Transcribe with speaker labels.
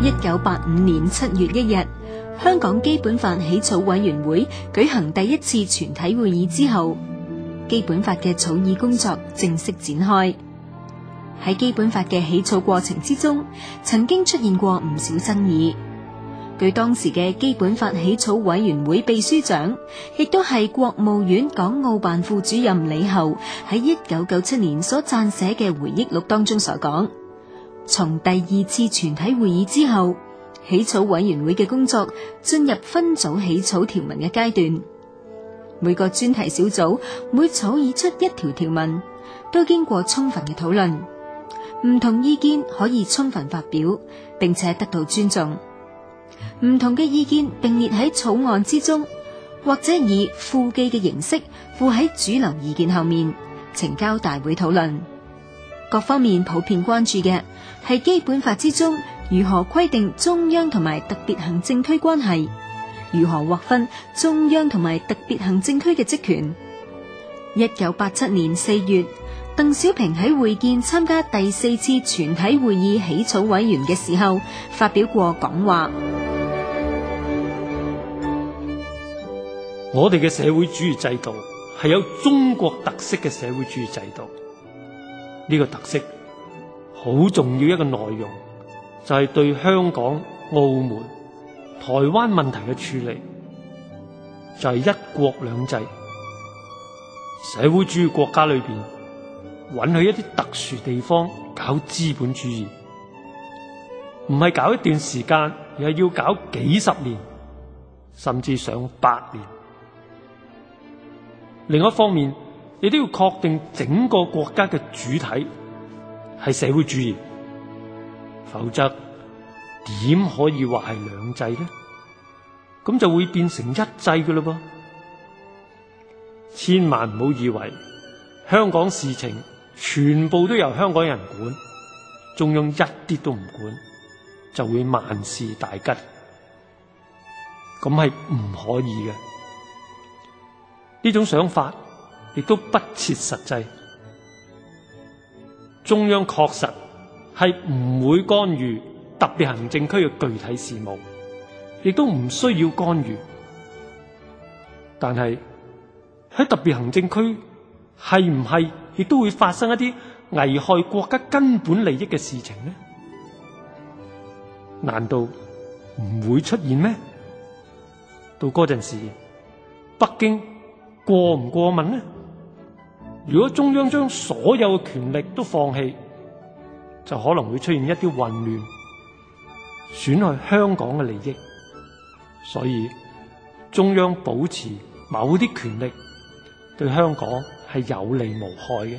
Speaker 1: 一九八五年七月一日，香港基本法起草委員會舉行第一次全體會議之後，基本法嘅草擬工作正式展開。喺基本法嘅起草過程之中，曾經出現過唔少爭議。據當時嘅基本法起草委員會秘書長，亦都係國務院港澳辦副主任李后喺一九九七年所撰寫嘅回憶錄當中所講。從第二次全體會議之後，起草委員會嘅工作進入分組起草條文嘅階段。每個專題小組每草擬出一條條文，都經過充分嘅討論，唔同意見可以充分發表，並且得到尊重。唔同嘅意見並列喺草案之中，或者以附記嘅形式附喺主流意見後面，呈交大會討論。各方面普遍關注嘅係基本法之中如何規定中央同埋特別行政區關係，如何劃分中央同埋特別行政區嘅職權。一九八七年四月，鄧小平喺會見參加第四次全體會議起草委員嘅時候，發表過講話：
Speaker 2: 我哋嘅社會主義制度係有中國特色嘅社會主義制度。呢個特色好重要一個內容，就係對香港、澳門、台灣問題嘅處理，就係一國兩制。社會主義國家裏面，允許一啲特殊地方搞資本主義，唔係搞一段時間，而係要搞幾十年，甚至上百年。另一方面，你都要確定整個國家嘅主體係社會主義，否則點可以話係兩制呢？咁就會變成一制嘅嘞噃！千萬唔好以為香港事情全部都由香港人管，中央一啲都唔管，就會萬事大吉。咁係唔可以嘅，呢種想法。亦都不切實際，中央確實係唔會干預特別行政區嘅具體事務，亦都唔需要干預。但係喺特別行政區係唔係亦都會發生一啲危害國家根本利益嘅事情呢？難道唔會出現咩？到嗰陣時，北京過唔過問呢？如果中央將所有的權力都放棄，就可能會出現一啲混亂，損害香港嘅利益。所以中央保持某啲權力，對香港係有利無害嘅。